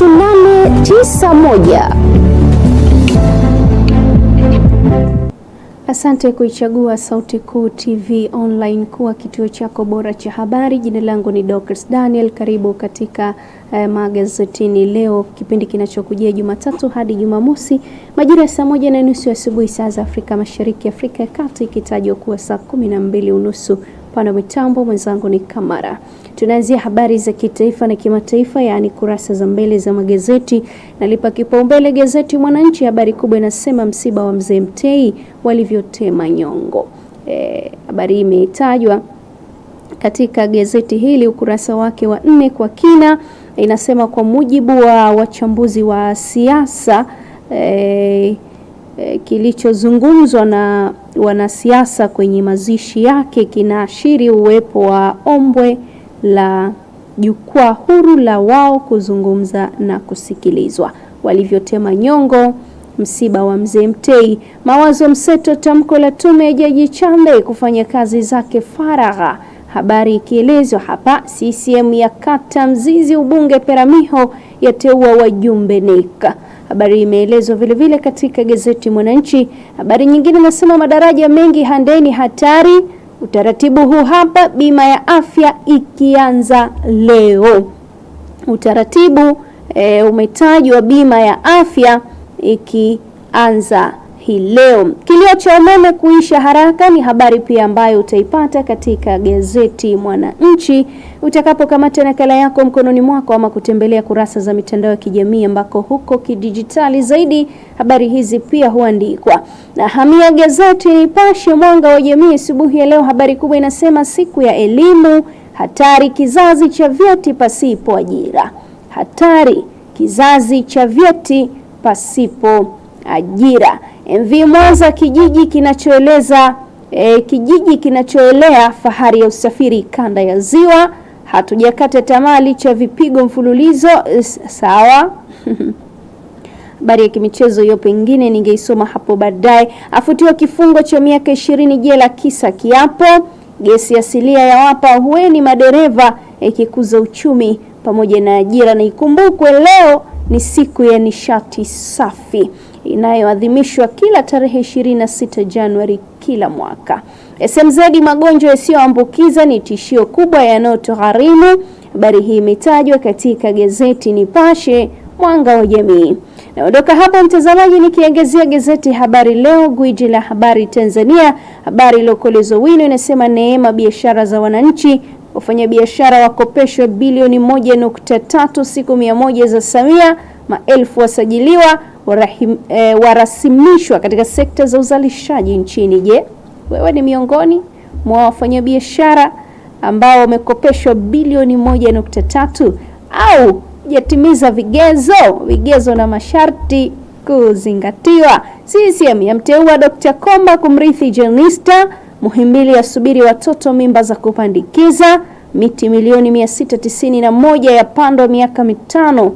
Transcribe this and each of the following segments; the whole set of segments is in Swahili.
3891. Asante kuichagua Sauti Kuu TV Online kuwa kituo chako bora cha habari. Jina langu ni Dorcas Daniel. Karibu katika eh, magazetini leo, kipindi kinachokujia Jumatatu hadi Jumamosi majira ya saa moja na nusu asubuhi saa za Afrika Mashariki, Afrika ya Kati ikitajwa kuwa saa kumi na mbili unusu pana wa mitambo mwenzangu ni Kamara. Tunaanzia habari za kitaifa na kimataifa, yaani kurasa za mbele za magazeti. Nalipa kipaumbele gazeti Mwananchi, habari kubwa inasema msiba wa mzee Mtei walivyotema nyongo. E, habari hii imetajwa katika gazeti hili ukurasa wake wa nne kwa kina. Inasema kwa mujibu wa wachambuzi wa siasa e, Eh, kilichozungumzwa na wanasiasa kwenye mazishi yake kinaashiri uwepo wa ombwe la jukwaa huru la wao kuzungumza na kusikilizwa. Walivyotema nyongo, msiba wa mzee Mtei, mawazo mseto, tamko la tume ya Jaji Chande kufanya kazi zake faragha, habari ikielezwa hapa. CCM ya kata Mzizi, ubunge Peramiho yateua wajumbe neka Habari imeelezwa vilevile katika gazeti Mwananchi. Habari nyingine inasema madaraja mengi Handeni hatari, utaratibu huu hapa, bima ya afya ikianza leo. Utaratibu e, eh, umetajwa bima ya afya ikianza hii leo. Kilio cha umeme kuisha haraka ni habari pia ambayo utaipata katika gazeti Mwananchi utakapokamata nakala yako mkononi mwako ama kutembelea kurasa za mitandao ya kijamii ambako huko kidijitali zaidi habari hizi pia huandikwa. Na hamia gazeti Nipashe mwanga wa jamii asubuhi ya leo, habari kubwa inasema siku ya elimu, hatari kizazi cha vyeti pasipo ajira, hatari kizazi cha vyeti pasipo ajira. MV Mwanza kijiji kinachoeleza E, kijiji kinachoelea fahari ya usafiri kanda ya Ziwa hatujakata tamaa licha vipigo mfululizo. Sawa. Habari ya kimichezo hiyo pengine ningeisoma hapo baadaye. Afutiwa kifungo cha miaka ishirini jela kisa kiapo. Gesi asilia ya wapa hueni madereva ikikuza uchumi pamoja na ajira. Na ikumbukwe leo ni siku ya nishati safi inayoadhimishwa kila tarehe 26 Januari kila mwaka. SMZ, magonjwa yasiyoambukiza ni tishio kubwa yanayotugharimu. Habari hii imetajwa katika gazeti Nipashe Mwanga wa Jamii. Naondoka hapa mtazamaji, nikiangazia gazeti Habari Leo, gwiji la habari Tanzania. Habari iliyokolezwa wino inasema neema biashara za wananchi Wafanyabiashara wakopeshwa bilioni moja nukta tatu siku mia moja za Samia. Maelfu wasajiliwa warahim, e, warasimishwa katika sekta za uzalishaji nchini. Je, wewe ni miongoni mwa wafanyabiashara ambao wamekopeshwa bilioni moja nukta tatu au hujatimiza vigezo? Vigezo na masharti kuzingatiwa. CCM yamteua Dr. Komba kumrithi Jenista Muhimbili yasubiri watoto mimba za kupandikiza. Miti milioni 691 yapandwa miaka mitano.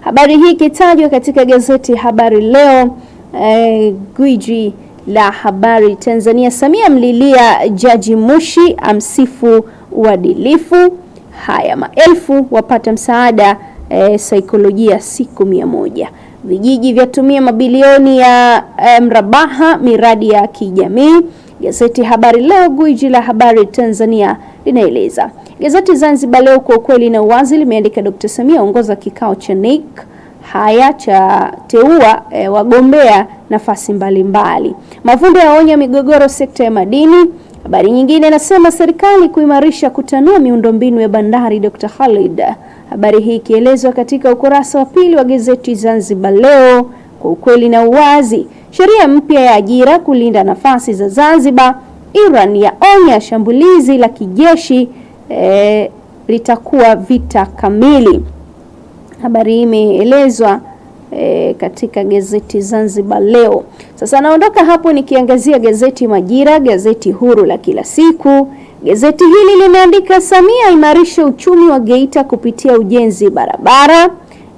Habari hii ikitajwa katika gazeti Habari Leo, eh, gwiji la habari Tanzania. Samia mlilia Jaji Mushi, amsifu uadilifu. Haya, maelfu wapata msaada eh, saikolojia siku mia moja. Vijiji vyatumia mabilioni ya eh, mrabaha miradi ya kijamii. Gazeti Habari Leo, gwiji la habari Tanzania, linaeleza gazeti Zanzibar Leo kwa ukweli na uwazi limeandika Dr. Samia aongoza kikao cha NEC haya cha teua e, wagombea nafasi mbalimbali. Mavundo yaonya migogoro sekta ya madini. Habari nyingine inasema serikali kuimarisha kutanua miundombinu ya bandari, Dr. Khalid. Habari hii ikielezwa katika ukurasa wa pili wa gazeti Zanzibar Leo kwa ukweli na uwazi. Sheria mpya ya ajira kulinda nafasi za Zanzibar. Iran yaonya shambulizi la kijeshi e, litakuwa vita kamili. Habari hii imeelezwa e, katika gazeti Zanzibar Leo. Sasa naondoka hapo nikiangazia gazeti Majira, gazeti huru la kila siku. Gazeti hili limeandika Samia aimarisha uchumi wa Geita kupitia ujenzi barabara.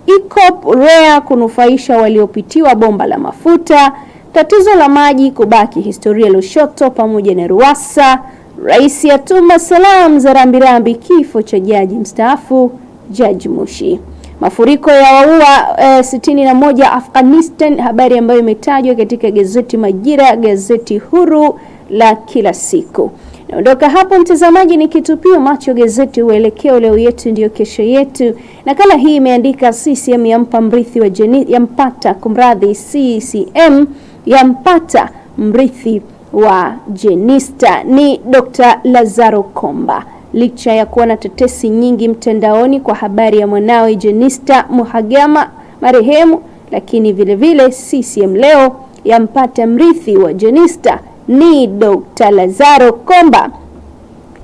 EACOP REA kunufaisha waliopitiwa bomba la mafuta, tatizo la maji kubaki historia Lushoto pamoja na Ruwasa. Rais atuma salamu za rambirambi kifo cha jaji mstaafu Jaji Mushi. Mafuriko ya waua e, eh, 61 Afghanistan, habari ambayo imetajwa katika gazeti Majira, gazeti huru la kila siku. Naondoka hapo mtazamaji, ni kitupio macho gazeti Uelekeo, leo yetu ndiyo kesho yetu. Nakala hii imeandika CCM yampa mrithi wa jeni, yampata kumradhi, CCM yampata mrithi wa Jenista ni Dr. Lazaro Komba. Licha ya kuwa na tetesi nyingi mtandaoni kwa habari ya mwanawe Jenista Muhagama marehemu, lakini vilevile CCM leo yampata mrithi wa Jenista ni Dr. Lazaro Komba.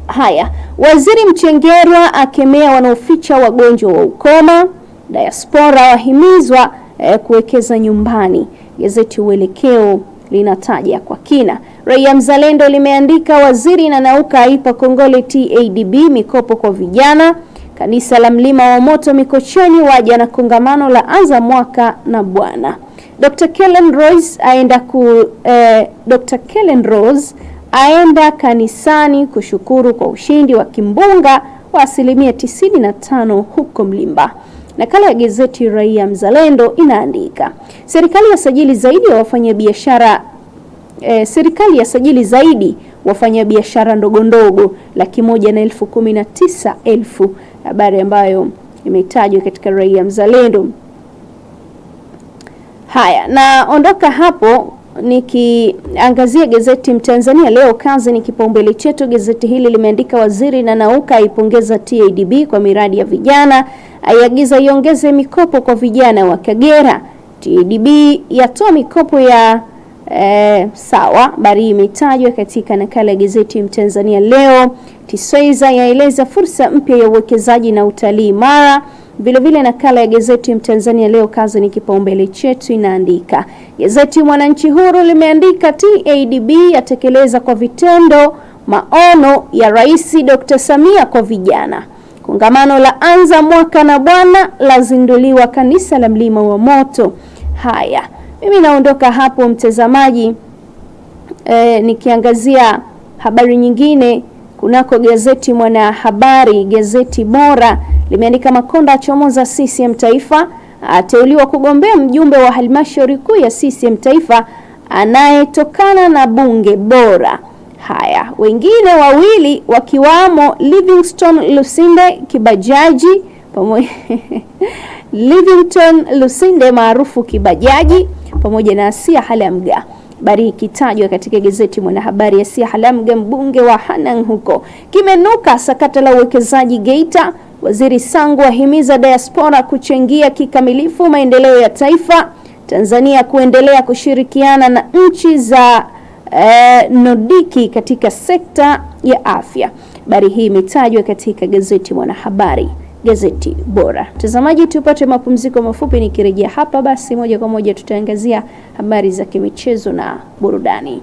Haya, Waziri Mchengerwa akemea wanaoficha wagonjwa wa ukoma, diaspora wahimizwa eh, kuwekeza nyumbani. Gazeti Uelekeo linataja kwa kina. Raia Mzalendo limeandika waziri na nauka aipa kongole TADB mikopo kwa vijana. Kanisa la Mlima wa Moto Mikocheni waja na kongamano la anza mwaka na Bwana. Dr. Kellen Rose aenda ku, eh, Dr. Kellen Rose aenda kanisani kushukuru kwa ushindi wa kimbunga wa asilimia 95 huko Mlimba. Nakala ya gazeti Raia Mzalendo inaandika serikali sajili zaidi ya wafanyabiashara E, serikali sajili zaidi wafanyabiashara ndogo ndogo laki moja na elfu kumi na tisa elfu, habari ambayo imetajwa katika Raia Mzalendo. Haya, naondoka hapo nikiangazia gazeti Mtanzania leo, kazi ni kipaumbele chetu. Gazeti hili limeandika waziri na nauka aipongeza TADB kwa miradi ya vijana, aiagiza iongeze mikopo kwa vijana wa Kagera. TADB yatoa mikopo ya eh, sawa bari imetajwa katika nakala ya gazeti Mtanzania leo. Tisweza yaeleza fursa mpya ya uwekezaji na utalii mara Vilevile nakala ya gazeti Mtanzania leo kazi ni kipaumbele chetu inaandika. Gazeti Mwananchi Huru limeandika TADB yatekeleza kwa vitendo maono ya Rais Dr. Samia kwa vijana. Kongamano la anza mwaka na bwana lazinduliwa kanisa la Mlima wa Moto. Haya, mimi naondoka hapo mtazamaji, e, nikiangazia habari nyingine kunako gazeti Mwanahabari, gazeti bora limeandika Makonda achomoza CCM Taifa, ateuliwa kugombea mjumbe wa halmashauri kuu ya CCM Taifa anayetokana na bunge bora. Haya, wengine wawili wakiwamo Livingstone Lusinde Kibajaji pamoja Livingstone Lusinde maarufu Kibajaji pamoja na Asia Halamga habari ikitajwa katika gazeti Mwanahabari ya Siahalamga, mbunge wa Hanang huko kimenuka sakata la uwekezaji Geita. Waziri Sangu ahimiza diaspora kuchangia kikamilifu maendeleo ya taifa. Tanzania kuendelea kushirikiana na nchi za eh, nodiki katika sekta ya afya. Habari hii imetajwa katika gazeti Mwanahabari gazeti bora. Mtazamaji, tupate mapumziko mafupi, nikirejea hapa basi moja kwa moja tutaangazia habari za kimichezo na burudani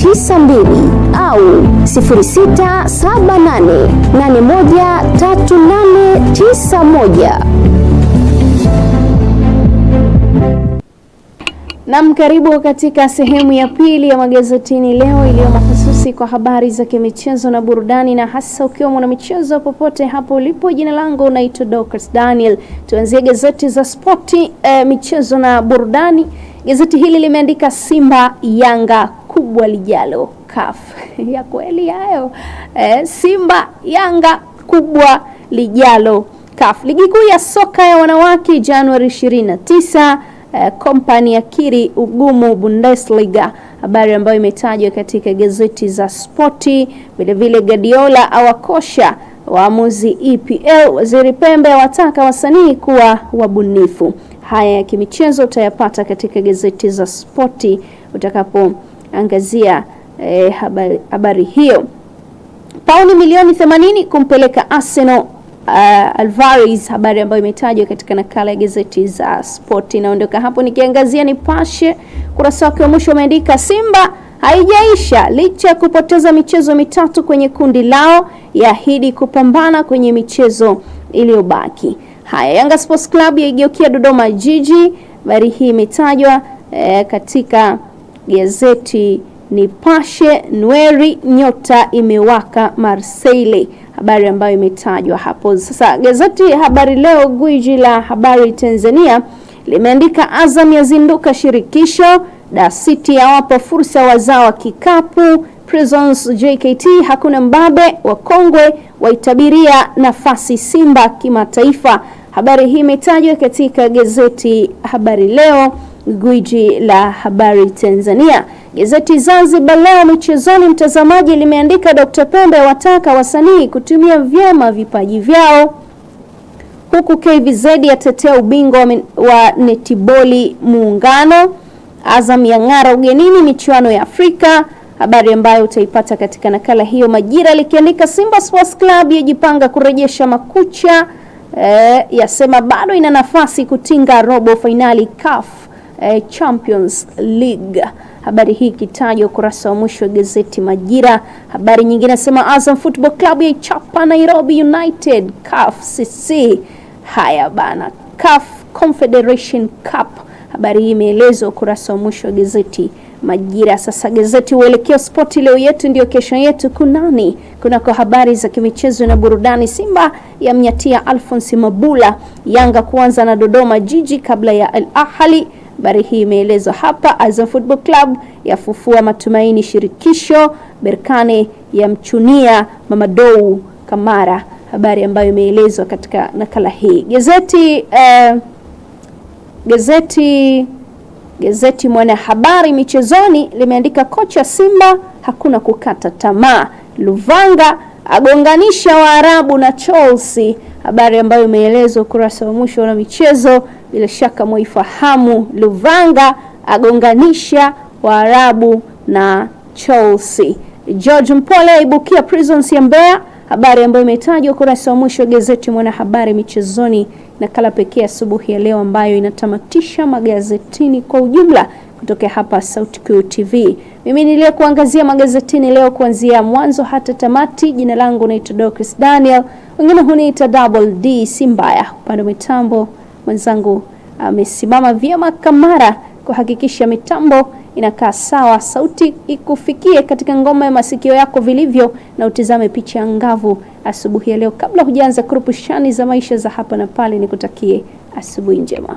92 au 0678813891. Nam, karibu katika sehemu ya pili ya magazetini leo iliyo mahususi kwa habari za kimichezo na burudani, na hasa ukiwa mwanamichezo popote hapo ulipo. Jina langu unaitwa Dorcas Daniel. Tuanzie gazeti za spoti, eh, michezo na burudani. Gazeti hili limeandika Simba Yanga kubwa lijalo CAF. ya kweli hayo e, Simba Yanga kubwa lijalo CAF. Ligi kuu ya soka ya wanawake Januari 29 eh, kompani ya kiri ugumu Bundesliga, habari ambayo imetajwa katika gazeti za spoti. Vilevile Guardiola awakosha waamuzi EPL, waziri Pembe awataka wasanii kuwa wabunifu. Haya ya kimichezo utayapata katika gazeti za spoti utakapo angazia e, habari, habari hiyo. Pauni milioni 80 kumpeleka Arsenal uh, Alvarez, habari ambayo imetajwa katika nakala ya gazeti za Sport. Inaondoka hapo nikiangazia Nipashe kurasa wake wa mwisho umeandika Simba haijaisha licha ya kupoteza michezo mitatu kwenye kundi lao, yaahidi kupambana kwenye michezo iliyobaki. Haya, Yanga Sports Club yaigeukia Dodoma Jiji, habari hii imetajwa eh, katika Gazeti Nipashe Nweri nyota imewaka Marseille, habari ambayo imetajwa hapo. Sasa gazeti Habari Leo, gwiji la habari Tanzania, limeandika Azam yazinduka shirikisho, Da City yawapa fursa wazao wa kikapu, Prisons JKT hakuna mbabe, wakongwe waitabiria nafasi Simba kimataifa. Habari hii imetajwa katika gazeti Habari Leo Gwiji la habari Tanzania. Gazeti Zanzibar Leo michezoni, mtazamaji, limeandika Dr. Pembe wataka wasanii kutumia vyema vipaji vyao, huku KVZ yatetea ubingwa wa netiboli muungano. Azam ya ng'ara ugenini michuano ya Afrika, habari ambayo utaipata katika nakala hiyo. Majira likiandika Simba Sports Club yajipanga kurejesha makucha, e, yasema bado ina nafasi kutinga robo fainali CAF eh, Champions League. Habari hii ikitajwa ukurasa wa mwisho wa gazeti Majira. Habari nyingine nasema Azam Football Club yaichapa Nairobi United CAF CC. Haya bana, CAF Confederation Cup. Habari hii imeelezwa ukurasa wa mwisho wa gazeti Majira. Sasa gazeti Uelekeo Spoti, leo yetu ndio kesho yetu. Kunani kunako habari za kimichezo na burudani. Simba ya mnyatia Alphonse Mabula, Yanga kuanza na Dodoma Jiji kabla ya Al Ahli Habari hii imeelezwa hapa. Azam Football Club yafufua matumaini shirikisho, Berkane yamchunia Mamadou Kamara, habari ambayo imeelezwa katika nakala hii. Gazeti eh, gazeti gazeti Mwanahabari michezoni limeandika kocha Simba hakuna kukata tamaa, Luvanga agonganisha Waarabu na Chelsea, habari ambayo imeelezwa ukurasa wa mwisho wa michezo bila shaka mwaifahamu Luvanga agonganisha Waarabu na Chelsea. George Mpole aibukia Prisons ya Mbeya, habari ambayo imetajwa ukurasa wa mwisho wa gazeti Mwanahabari. Michezoni, nakala pekee asubuhi ya leo ambayo inatamatisha magazetini kwa ujumla kutoka hapa Sauti Kuu TV. Mimi niliyekuangazia magazetini leo kuanzia mwanzo hata tamati. Jina langu naitwa Dorcas Daniel, wengine huniita Double D, si mbaya. Upande wa mitambo mwenzangu amesimama vyema kamara kuhakikisha mitambo inakaa sawa, sauti ikufikie katika ngoma ya masikio yako vilivyo, na utizame picha ya ngavu asubuhi ya leo. Kabla hujaanza kurupushani za maisha za hapa na pale, nikutakie asubuhi njema.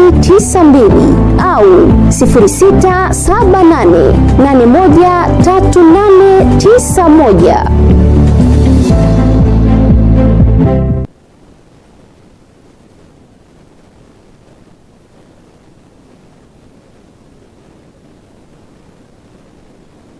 92 au 0678813891.